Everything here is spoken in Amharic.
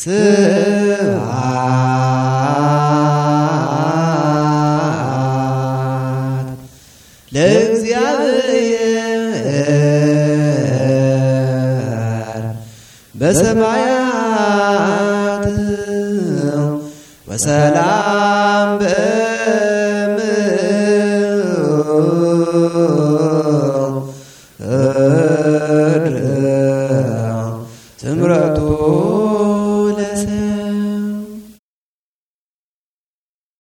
ስብሐት ለእግዚአብሔር በሰማያት ወሰላም በምድር ትምረቱ Blessed.